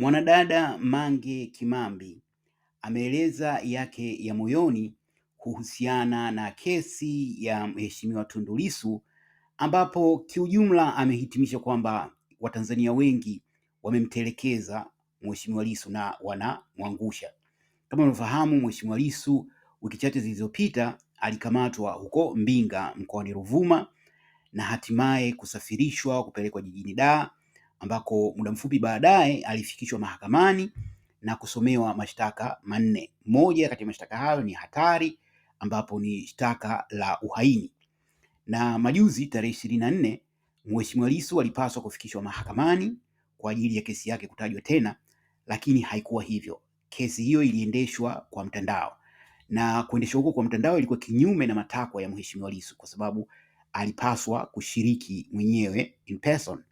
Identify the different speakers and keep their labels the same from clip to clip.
Speaker 1: Mwanadada Mange Kimambi ameeleza yake ya moyoni kuhusiana na kesi ya Mheshimiwa Tundu Lissu ambapo kiujumla amehitimisha kwamba Watanzania wengi wamemtelekeza Mheshimiwa Lissu na wanamwangusha. Kama unavyofahamu, Mheshimiwa Lissu wiki chache zilizopita alikamatwa huko Mbinga mkoani Ruvuma na hatimaye kusafirishwa kupelekwa jijini Dar ambako muda mfupi baadaye alifikishwa mahakamani na kusomewa mashtaka manne. Moja kati ya mashtaka hayo ni hatari, ambapo ni shtaka la uhaini. Na majuzi tarehe ishirini na nne Mheshimiwa Lissu alipaswa kufikishwa mahakamani kwa ajili ya kesi yake kutajwa tena, lakini haikuwa hivyo. Kesi hiyo iliendeshwa kwa mtandao, na kuendeshwa huko kwa mtandao ilikuwa kinyume na matakwa ya Mheshimiwa Lissu kwa sababu alipaswa kushiriki mwenyewe in person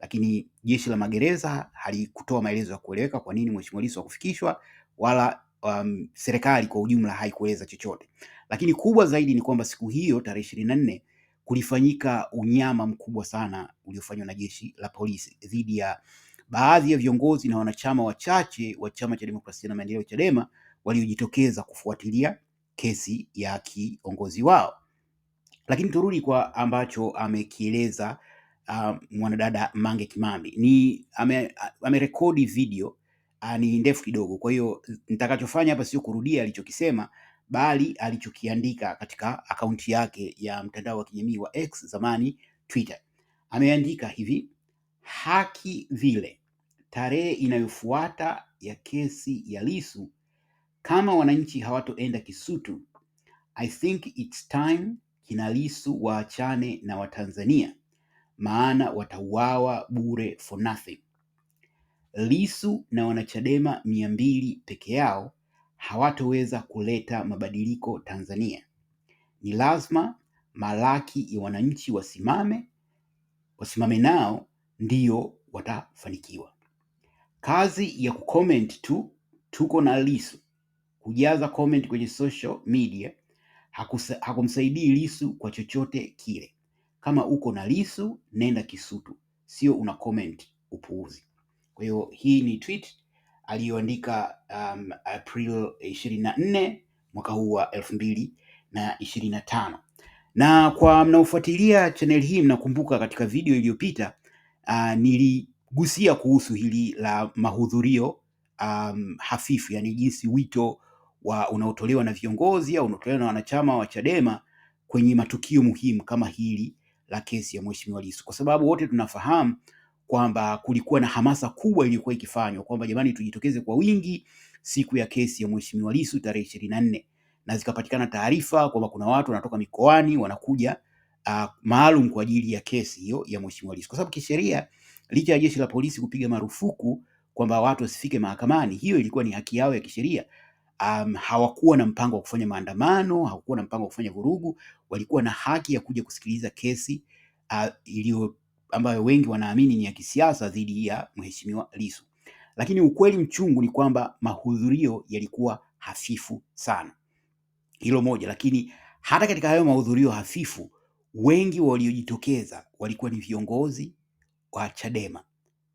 Speaker 1: lakini jeshi la magereza halikutoa maelezo ya kueleweka kwa nini Mheshimiwa Lissu hakufikishwa wala um, serikali kwa ujumla haikueleza chochote. Lakini kubwa zaidi ni kwamba siku hiyo tarehe ishirini na nne kulifanyika unyama mkubwa sana uliofanywa na jeshi la polisi dhidi ya baadhi ya viongozi na wanachama wachache wa Chama cha Demokrasia na Maendeleo Chadema waliojitokeza kufuatilia kesi ya kiongozi wao. Lakini turudi kwa ambacho amekieleza uh, mwanadada Mange Kimambi ni amerekodi ame video uh, ni ndefu kidogo. Kwa hiyo nitakachofanya hapa sio kurudia alichokisema, bali alichokiandika katika akaunti yake ya mtandao wa kijamii wa X, zamani Twitter. Ameandika hivi: haki vile tarehe inayofuata ya kesi ya lisu kama wananchi hawatoenda Kisutu, I think it's time kina lisu waachane na Watanzania maana watauawa bure for nothing. Lisu na wanachadema mia mbili peke yao hawatoweza kuleta mabadiliko Tanzania. Ni lazima malaki ya wananchi wasimame, wasimame nao ndiyo watafanikiwa. Kazi ya kucomment tu, tuko na lisu Kujaza comment kwenye social media hakumsaidii lisu kwa chochote kile. Kama uko na lisu nenda Kisutu, sio una comment upuuzi. Kwa hiyo hii ni tweet aliyoandika um, April 24 mwaka huu wa elfu mbili na ishirini na tano na kwa mnaofuatilia channel hii mnakumbuka katika video iliyopita uh, niligusia kuhusu hili la mahudhurio um, hafifu, yani jinsi wito wa unaotolewa na viongozi au unaotolewa na wanachama wa Chadema kwenye matukio muhimu kama hili la kesi ya Mheshimiwa Lissu, kwa sababu wote tunafahamu kwamba kulikuwa na hamasa kubwa iliyokuwa ikifanywa kwamba jamani, tujitokeze kwa wingi siku ya kesi ya Mheshimiwa Lissu tarehe ishirini na nne na zikapatikana taarifa kwamba kuna watu wanatoka mikoani wanakuja uh, maalum kwa ajili ya kesi hiyo ya Mheshimiwa Lissu, kwa sababu kisheria, licha ya jeshi la polisi kupiga marufuku kwamba watu wasifike mahakamani, hiyo ilikuwa ni haki yao ya kisheria, um, hawakuwa na mpango wa kufanya maandamano, hawakuwa na mpango wa kufanya vurugu. Walikuwa na haki ya kuja kusikiliza kesi uh, iliyo ambayo wengi wanaamini ni ya kisiasa dhidi ya mheshimiwa Lissu, lakini ukweli mchungu ni kwamba mahudhurio yalikuwa hafifu sana. Hilo moja, lakini hata katika hayo mahudhurio hafifu, wengi waliojitokeza walikuwa ni viongozi wa Chadema,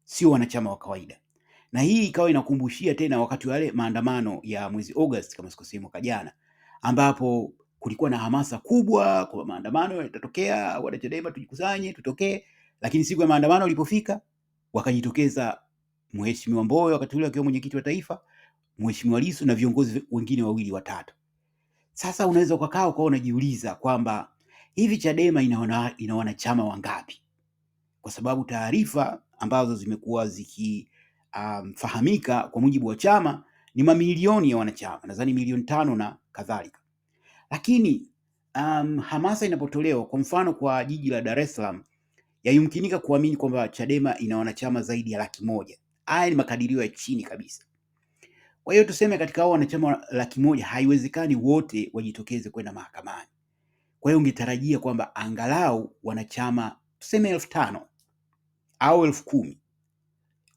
Speaker 1: sio wanachama wa kawaida na hii ikawa inakumbushia tena wakati wa maandamano ya mwezi August kama sikosei, mwaka jana, ambapo kulikuwa na hamasa kubwa kwa maandamano yatatokea, wanachadema tujikusanye, tutokee. Lakini siku ya maandamano ilipofika, wakajitokeza Mheshimiwa Mbowe wakati ule akiwa mwenyekiti wa taifa, Mheshimiwa Lissu na viongozi wengine wawili watatu. Sasa unaweza ukakaa ukawa unajiuliza kwamba hivi Chadema ina wanachama wangapi? Kwa sababu taarifa ambazo zimekuwa ziki um, fahamika kwa mujibu wa chama ni mamilioni ya wanachama, nadhani milioni tano na kadhalika. Lakini um, hamasa inapotolewa kwa mfano kwa jiji la Dar es Salaam, yayumkinika kuamini kwamba Chadema ina wanachama zaidi ya laki moja. Haya ni makadirio ya chini kabisa. Kwa hiyo tuseme katika hao wanachama laki moja haiwezekani wote wajitokeze kwenda mahakamani. Kwa hiyo ungetarajia kwamba angalau wanachama tuseme elfu tano au elfu kumi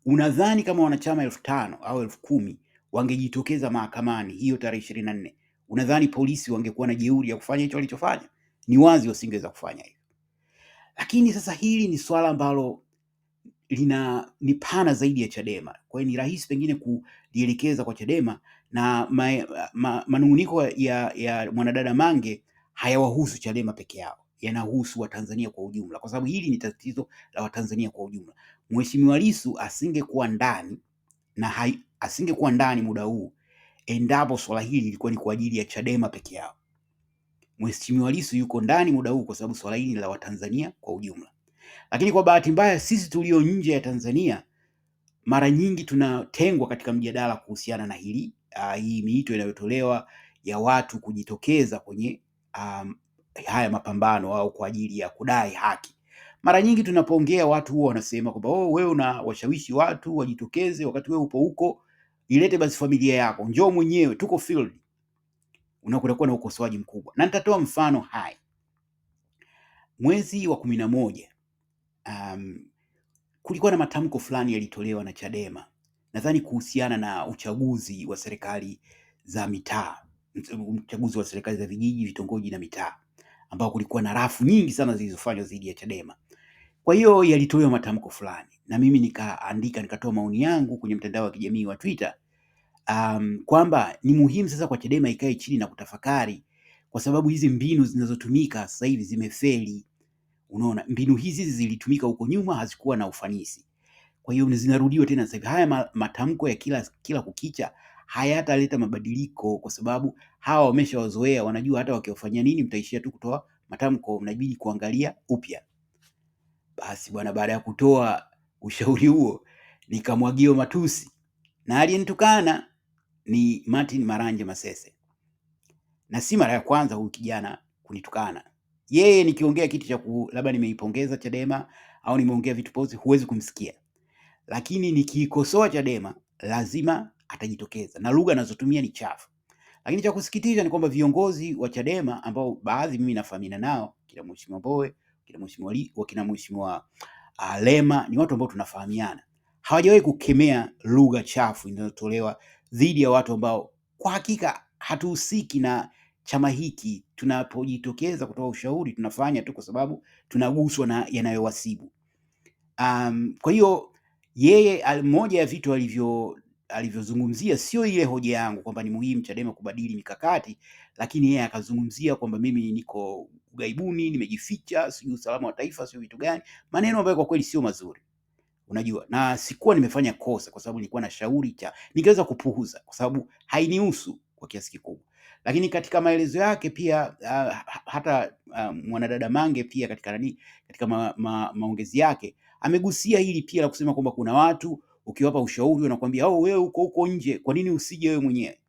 Speaker 1: Unadhani kama wanachama elfu tano au elfu kumi wangejitokeza mahakamani hiyo tarehe ishirini na nne unadhani polisi wangekuwa na jeuri ya kufanya hicho walichofanya? Ni wazi wasingeweza kufanya hivyo. Lakini sasa hili ni swala ambalo lina ni pana zaidi ya Chadema, kwa hiyo ni rahisi pengine kulielekeza kwa Chadema na ma, ma, manunguniko ya, ya mwanadada Mange hayawahusu Chadema peke yao yanahusu Watanzania kwa ujumla, kwa sababu hili ni tatizo la Watanzania kwa ujumla. Mheshimiwa Lissu asingekuwa ndani na asingekuwa ndani muda huu endapo swala hili lilikuwa ni kwa ajili ya Chadema peke yao. Mheshimiwa Lissu yuko ndani muda huu kwa sababu swala hili la Watanzania kwa ujumla. Lakini kwa bahati mbaya sisi tulio nje ya Tanzania mara nyingi tunatengwa katika mjadala kuhusiana na hili uh, hii miito inayotolewa ya watu kujitokeza kwenye um, haya mapambano au kwa ajili ya kudai haki. Mara nyingi tunapoongea watu huwa wanasema kwamba oh, wewe una washawishi watu wajitokeze wakati wewe upo huko, ilete basi familia yako, njoo mwenyewe, tuko field. Unakuwa na ukosoaji mkubwa, na nitatoa mfano hai. Mwezi wa kumi na moja um, kulikuwa na matamko fulani yalitolewa na Chadema nadhani kuhusiana na uchaguzi wa serikali za mitaa, uchaguzi wa serikali za vijiji, vitongoji na mitaa ambao kulikuwa na rafu nyingi sana zilizofanywa dhidi ya Chadema. Kwa hiyo yalitolewa matamko fulani, na mimi nikaandika, nikatoa maoni yangu kwenye mtandao wa kijamii wa Twitter um, kwamba ni muhimu sasa kwa Chadema ikae chini na kutafakari, kwa sababu hizi mbinu zinazotumika sasa hivi zimefeli. Unaona, mbinu hizi zilitumika huko nyuma, hazikuwa na ufanisi. Kwa hiyo zinarudiwa tena sasa hivi. Haya matamko ya kila, kila kukicha hayataleta mabadiliko kwa sababu hawa wameshawazoea, wanajua hata wakiwafanyia nini mtaishia tu kutoa matamko, mnabidi kuangalia upya. Basi bwana, baada ya kutoa ushauri huo nikamwagiwa matusi, na aliyenitukana ni Martin Maranje Masese, na si mara ya kwanza huyu kijana kunitukana. Yeye nikiongea kitu cha labda nimeipongeza Chadema au nimeongea vitu pozi, huwezi kumsikia, lakini nikiikosoa Chadema lazima atajitokeza na lugha anazotumia ni chafu. Lakini cha kusikitisha ni kwamba viongozi wa Chadema ambao baadhi mimi nafahamiana nao kina Mheshimiwa Mbowe, kina Mheshimiwa Lissu, kina Mheshimiwa uh, Lema ni watu ambao tunafahamiana, hawajawahi kukemea lugha chafu inayotolewa dhidi ya watu ambao kwa hakika hatuhusiki na chama hiki. Tunapojitokeza kutoa ushauri tunafanya tu kwa sababu tunaguswa na yanayowasibu. Um, kwa hiyo yeye, moja ya vitu alivyo alivyozungumzia sio ile hoja yangu kwamba ni muhimu Chadema kubadili mikakati, lakini yeye akazungumzia kwamba mimi niko ugaibuni, nimejificha, sijui usalama wa taifa, sio vitu gani, maneno ambayo kwa kweli sio mazuri. Unajua, na sikuwa nimefanya kosa kwa sababu nilikuwa na shauri cha, ningeweza kupuuza kwa sababu hainihusu kwa kiasi kikubwa. Lakini katika maelezo yake pia uh, hata uh, mwanadada Mange pia katika nani, katika ma, ma, maongezi yake amegusia hili pia la kusema kwamba kuna watu ukiwapa ushauri wanakuambia oh, wewe uko huko nje, kwa nini usije wewe mwenyewe?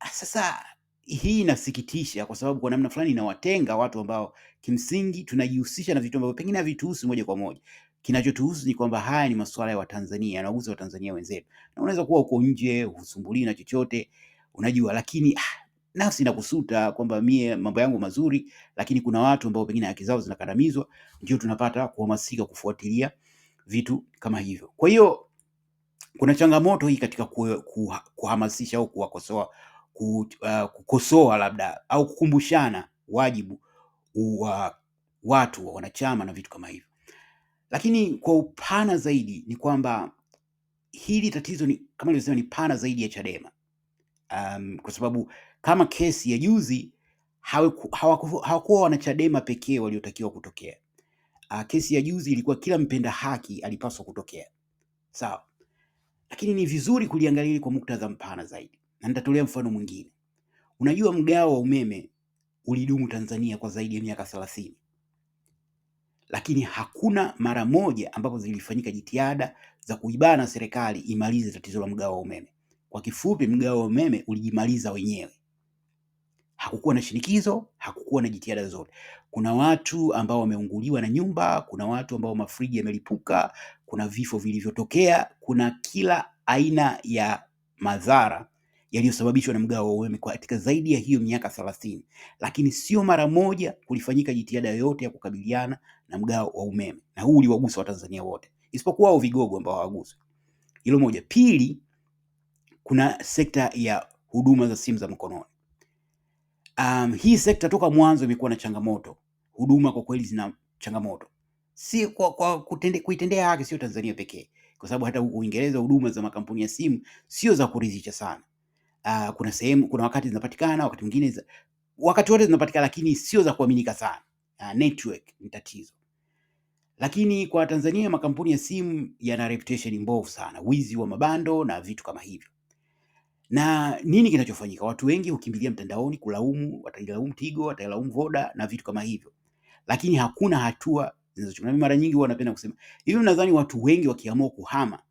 Speaker 1: Ah, sasa hii inasikitisha kwa sababu kwa namna fulani inawatenga watu ambao kimsingi tunajihusisha na vitu ambavyo pengine havituhusu moja kwa moja. Kinachotuhusu ni kwamba haya ni masuala ya Watanzania, yanagusa Watanzania wenzetu, na unaweza kuwa uko nje husumbulii na chochote, unajua, lakini ah, nafsi inakusuta kwamba mie mambo yangu mazuri, lakini kuna watu ambao pengine haki zao zinakandamizwa. Ndio tunapata kuhamasika kufuatilia vitu kama hivyo. Kwa hiyo kuna changamoto hii katika ku, ku, kuhamasisha au kuwakosoa ku, uh, kukosoa labda au kukumbushana wajibu wa watu wa wanachama na vitu kama hivyo, lakini kwa upana zaidi ni kwamba hili tatizo ni kama nilivyosema, ni pana zaidi ya Chadema um, kwa sababu kama kesi ya juzi hawakuwa wanachadema pekee waliotakiwa kutokea. Uh, kesi ya juzi ilikuwa kila mpenda haki alipaswa kutokea, sawa lakini ni vizuri kuliangalia kwa muktadha mpana zaidi, na nitatolea mfano mwingine. Unajua, mgao wa umeme ulidumu Tanzania kwa zaidi ya miaka thelathini, lakini hakuna mara moja ambapo zilifanyika jitihada za kuibana serikali imalize tatizo la mgao wa umeme. Kwa kifupi, mgao wa umeme ulijimaliza wenyewe hakukuwa na shinikizo, hakukuwa na jitihada zozote. Kuna watu ambao wameunguliwa na nyumba, kuna watu ambao mafriji yamelipuka, kuna vifo vilivyotokea, kuna kila aina ya madhara yaliyosababishwa na mgao wa umeme katika zaidi ya hiyo miaka thelathini, lakini sio mara moja kulifanyika jitihada yoyote ya kukabiliana na mgao wa umeme, na huu uliwagusa Watanzania wote isipokuwa hao vigogo ambao hawaguswi. Hilo moja. Pili, kuna sekta ya huduma za simu za mkononi um, hii sekta toka mwanzo imekuwa na changamoto. Huduma kwa kweli zina changamoto, si kwa, kwa kutende, kuitendea haki sio Tanzania pekee, kwa sababu hata huko Uingereza huduma za makampuni ya simu sio za kuridhisha sana. Uh, kuna sehemu, kuna wakati zinapatikana, wakati mwingine, wakati wote zinapatikana, lakini sio za kuaminika sana. Uh, network ni tatizo lakini kwa Tanzania makampuni ya simu yana reputation mbovu sana, wizi wa mabando na vitu kama hivyo. Na nini kinachofanyika? Watu wengi hukimbilia mtandaoni kulaumu, watailaumu Tigo, watailaumu Voda na vitu kama hivyo, lakini hakuna hatua zinazochukuliwa. Mara nyingi huwa napenda kusema hivi, nadhani watu wengi wakiamua kuhama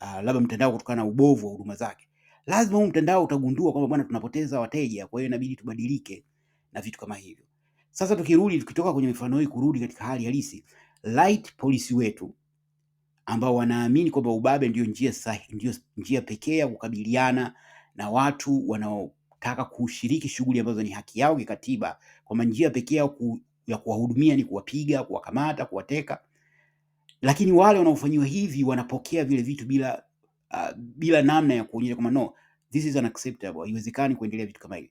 Speaker 1: uh, labda mtandao kutokana na ubovu wa huduma zake, lazima huu mtandao utagundua kwamba bwana, tunapoteza wateja, kwa hiyo inabidi tubadilike na vitu kama hivyo. Sasa tukirudi, tukitoka kwenye mifano hii kurudi katika hali halisi, light policy wetu ambao wanaamini kwamba ubabe ndio njia sahihi, ndio njia pekee ya kukabiliana na watu wanaotaka kushiriki shughuli ambazo ni haki yao kikatiba, kwamba njia pekee ya, ku, ya kuwahudumia ni kuwapiga, kuwakamata, kuwateka. Lakini wale wanaofanyiwa hivi wanapokea vile vitu bila uh, bila namna ya kuonyesha kwamba no this is unacceptable, haiwezekani kuendelea vitu kama hivi.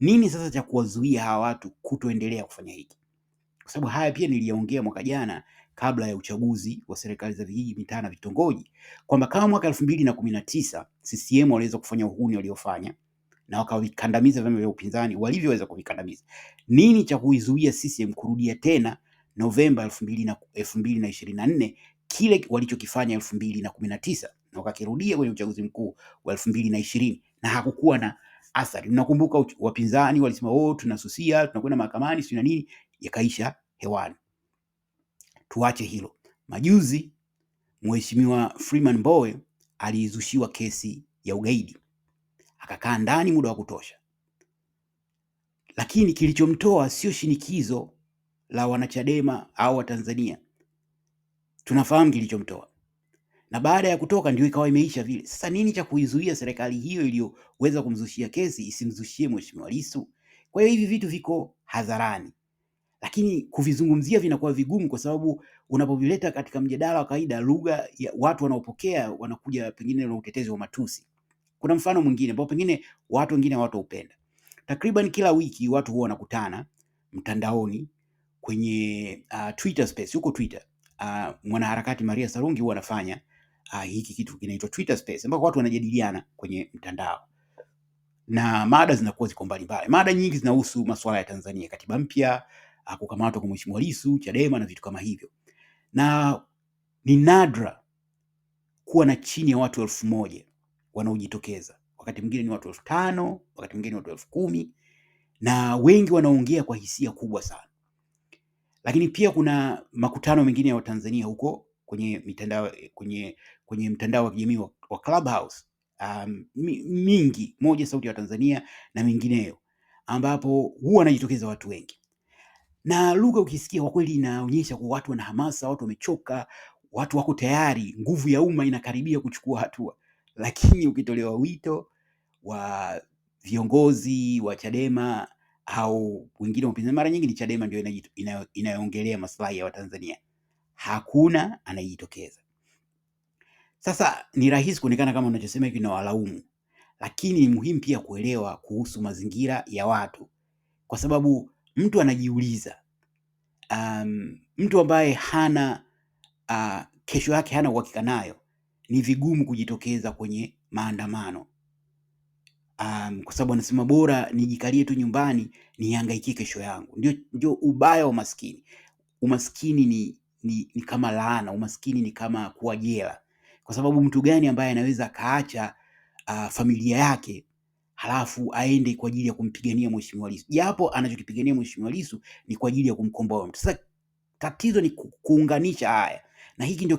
Speaker 1: Nini sasa cha kuwazuia hawa watu kutoendelea kufanya hiki? Kwa sababu haya pia niliyaongea mwaka jana kabla ya uchaguzi wa serikali za vijiji, mitaa na vitongoji kwamba kama mwaka elfu mbili na kumi na tisa CCM waliweza kufanya uhuni waliofanya na wakavikandamiza vyama vya upinzani walivyoweza kuvikandamiza, nini cha kuizuia CCM kurudia tena Novemba elfu mbili na ishirini na nne kile walichokifanya elfu mbili na kumi na tisa na wakakirudia kwenye uchaguzi mkuu wa elfu mbili na ishirini na hakukuwa na athari. Mnakumbuka wapinzani walisema oh, tunasusia tunakwenda mahakamani sio na nini, yakaisha hewani tuache hilo. Majuzi Mheshimiwa Freeman Mbowe aliizushiwa kesi ya ugaidi akakaa ndani muda wa kutosha, lakini kilichomtoa sio shinikizo la wanachadema au Watanzania, tunafahamu kilichomtoa na baada ya kutoka ndio ikawa imeisha vile. Sasa nini cha kuizuia serikali hiyo iliyoweza kumzushia kesi isimzushie Mheshimiwa Lissu? Kwa hiyo hivi vitu viko hadharani, lakini kuvizungumzia vinakuwa vigumu, kwa sababu unapovileta katika mjadala wa kawaida, lugha ya watu wanaopokea wanakuja pengine na utetezi wa matusi. Kuna mfano mwingine ambao pengine watu wengine hawataupenda. Takriban kila wiki watu huwa wanakutana mtandaoni kwenye uh, Twitter space huko Twitter. Uh, mwanaharakati Maria Sarungi huwa anafanya uh, hiki kitu kinaitwa Twitter space ambako watu wanajadiliana kwenye mtandao na mada zinakuwa ziko mbalimbali. Mada nyingi zinahusu masuala ya Tanzania, katiba mpya, kukamatwa kwa Mheshimiwa Lissu, Chadema na vitu kama hivyo, na ni nadra kuwa na chini ya watu elfu moja wanaojitokeza, wakati mwingine ni watu elfu tano wakati mwingine ni watu elfu kumi na wengi wanaongea kwa hisia kubwa sana. Lakini pia kuna makutano mengine ya Watanzania huko kwenye mitandao, kwenye, kwenye mtandao wa kijamii wa Clubhouse um, mingi moja sauti ya Tanzania na mingineyo ambapo huwa wanajitokeza watu wengi na lugha ukisikia kwa kweli inaonyesha kwa watu wana hamasa, watu wamechoka, watu wako tayari, nguvu ya umma inakaribia kuchukua hatua. Lakini ukitolewa wito wa viongozi wa Chadema au wengine wapinzani, mara nyingi ni Chadema ndio inayoongelea maslahi ya Watanzania, hakuna anayejitokeza. Sasa ni rahisi kuonekana kama unachosema hivi na walaumu, lakini ni muhimu pia kuelewa kuhusu mazingira ya watu, kwa sababu mtu anajiuliza um, mtu ambaye hana uh, kesho yake hana uhakika nayo, ni vigumu kujitokeza kwenye maandamano um, kwa sababu anasema bora nijikalie tu nyumbani nihangaikie kesho yangu. Ndio, ndio ubaya wa maskini. Umaskini ni, ni, ni kama laana. Umaskini ni kama kuwa jela, kwa sababu mtu gani ambaye anaweza akaacha uh, familia yake halafu aende kwa ajili ya kumpigania Mheshimiwa Lissu, japo anachokipigania Mheshimiwa Lissu ni kwa ajili ya kumkomboa mtu. Sasa tatizo ni kuunganisha haya, na hiki ndio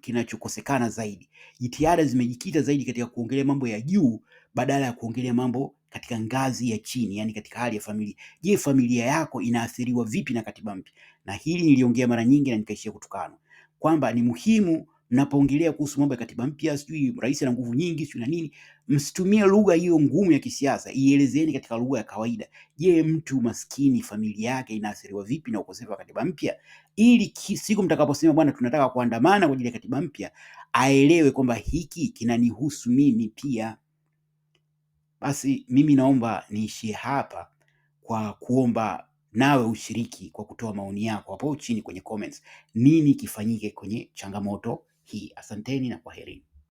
Speaker 1: kinachokosekana kinacho zaidi. Jitihada zimejikita zaidi katika kuongelea mambo ya juu badala ya kuongelea mambo katika ngazi ya chini, yani katika hali ya familia. Je, familia yako inaathiriwa vipi na katiba mpya? Na hili niliongea mara nyingi na nikaishia kutukana kwamba ni muhimu mnapoongelea kuhusu mambo ya katiba mpya, sijui rais ana nguvu nyingi, sijui na nini, msitumie lugha hiyo ngumu ya kisiasa, ielezeni katika lugha ya kawaida. Je, mtu maskini familia yake inaathiriwa vipi na ukosefu wa katiba mpya, ili siku mtakaposema bwana, tunataka kuandamana kwa ajili ya katiba mpya, aelewe kwamba hiki kinanihusu mimi pia. Basi mimi naomba niishie hapa kwa kuomba nawe ushiriki kwa kutoa maoni yako hapo chini kwenye comments. Nini kifanyike kwenye changamoto hii. Asanteni na kwaherini.